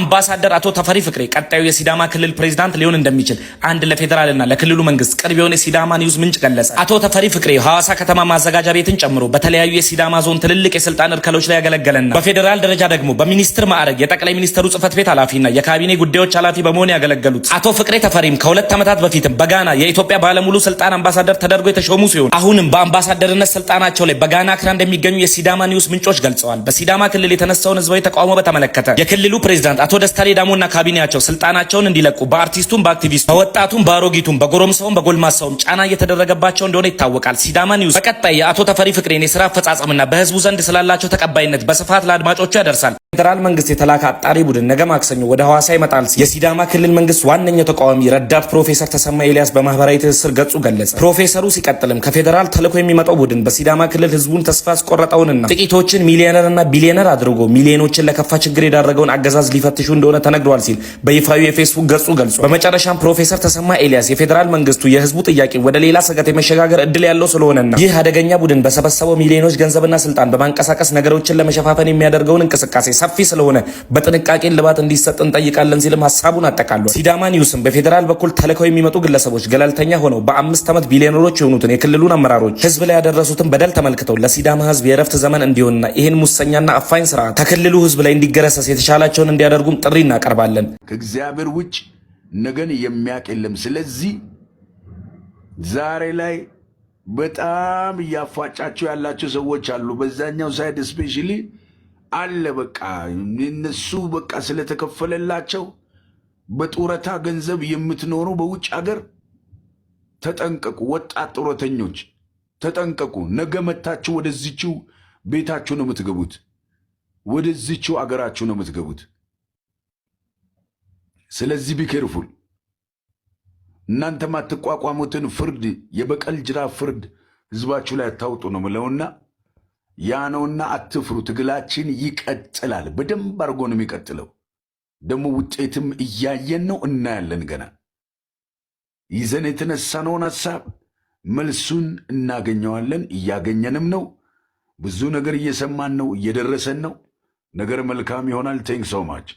አምባሳደር አቶ ተፈሪ ፍቅሬ ቀጣዩ የሲዳማ ክልል ፕሬዚዳንት ሊሆን እንደሚችል አንድ ለፌዴራልና ለክልሉ መንግስት ቅርብ የሆነ የሲዳማ ኒውስ ምንጭ ገለጸ። አቶ ተፈሪ ፍቅሬ ሐዋሳ ከተማ ማዘጋጃ ቤትን ጨምሮ በተለያዩ የሲዳማ ዞን ትልልቅ የስልጣን እርከሎች ላይ ያገለገለና በፌዴራል ደረጃ ደግሞ በሚኒስትር ማዕረግ የጠቅላይ ሚኒስትሩ ጽህፈት ቤት ኃላፊና የካቢኔ ጉዳዮች ኃላፊ በመሆን ያገለገሉት አቶ ፍቅሬ ተፈሪም ከሁለት ዓመታት በፊትም በጋና የኢትዮጵያ ባለሙሉ ስልጣን አምባሳደር ተደርጎ የተሾሙ ሲሆን አሁንም በአምባሳደርነት ስልጣናቸው ላይ በጋና አክራ እንደሚገኙ የሲዳማ ኒውስ ምንጮች ገልጸዋል። በሲዳማ ክልል የተነሳውን ህዝባዊ ተቃውሞ በተመለከተ የክልሉ ፕሬዚዳንት አቶ ደስታ ሌዳሞና ካቢኔያቸው ስልጣናቸውን እንዲለቁ በአርቲስቱም በአክቲቪስቱ በወጣቱም በአሮጊቱም በጎረምሳውም በጎልማሳውም ጫና እየተደረገባቸው እንደሆነ ይታወቃል። ሲዳማ ኒውስ በቀጣይ የአቶ ተፈሪ ፍቅሬን የስራ አፈጻጸምና በህዝቡ ዘንድ ስላላቸው ተቀባይነት በስፋት ለአድማጮቹ ያደርሳል። ፌዴራል መንግስት የተላከ አጣሪ ቡድን ነገ ማክሰኞ ወደ ሐዋሳ ይመጣል ሲል የሲዳማ ክልል መንግስት ዋነኛው ተቃዋሚ ረዳት ፕሮፌሰር ተሰማ ኤልያስ በማህበራዊ ትስስር ገጹ ገለጸ። ፕሮፌሰሩ ሲቀጥልም ከፌዴራል ተልዕኮ የሚመጣው ቡድን በሲዳማ ክልል ህዝቡን ተስፋ አስቆረጠውንና ጥቂቶችን ሚሊዮነርና ቢሊዮነር አድርጎ ሚሊዮኖችን ለከፋ ችግር የዳረገውን አገዛዝ ሊፈትሹ እንደሆነ ተነግሯል ሲል በይፋዊ የፌስቡክ ገጹ ገልጿል። በመጨረሻም ፕሮፌሰር ተሰማ ኤልያስ የፌዴራል መንግስቱ የህዝቡ ጥያቄ ወደ ሌላ ሰገት የመሸጋገር እድል ያለው ስለሆነና ይህ አደገኛ ቡድን በሰበሰበው ሚሊዮኖች ገንዘብና ስልጣን በማንቀሳቀስ ነገሮችን ለመሸፋፈን የሚያደርገውን እንቅስቃሴ ሰፊ ስለሆነ በጥንቃቄ ልባት እንዲሰጥ እንጠይቃለን ሲልም ሀሳቡን አጠቃሏል። ሲዳማ ኒውስም በፌዴራል በኩል ተልከው የሚመጡ ግለሰቦች ገለልተኛ ሆነው በአምስት ዓመት ቢሊዮነሮች የሆኑትን የክልሉን አመራሮች ህዝብ ላይ ያደረሱትን በደል ተመልክተው ለሲዳማ ህዝብ የእረፍት ዘመን እንዲሆንና ይህን ሙሰኛና አፋኝ ስርዓት ከክልሉ ህዝብ ላይ እንዲገረሰስ የተሻላቸውን እንዲያደርጉም ጥሪ እናቀርባለን። ከእግዚአብሔር ውጭ ነገን የሚያውቅ የለም። ስለዚህ ዛሬ ላይ በጣም እያፋጫቸው ያላቸው ሰዎች አሉ። በዛኛው ሳይድ ስፔሻሊ አለ በቃ እነሱ በቃ ስለተከፈለላቸው በጡረታ ገንዘብ የምትኖሩ በውጭ ሀገር ተጠንቀቁ። ወጣት ጡረተኞች ተጠንቀቁ። ነገ መታችሁ ወደዚችው ቤታችሁ ነው የምትገቡት፣ ወደዚችው አገራችሁ ነው የምትገቡት። ስለዚህ ቢኬርፉል እናንተ ማትቋቋሙትን ፍርድ የበቀል ጅራፍ ፍርድ ህዝባችሁ ላይ አታውጡ ነው ምለውና ያ ነውና አትፍሩ። ትግላችን ይቀጥላል። በደንብ አድርጎ ነው የሚቀጥለው። ደግሞ ውጤትም እያየን ነው፣ እናያለን። ገና ይዘን የተነሳነውን ሀሳብ መልሱን እናገኘዋለን። እያገኘንም ነው። ብዙ ነገር እየሰማን ነው፣ እየደረሰን ነው። ነገር መልካም ይሆናል። ቴንክ ሶ ማች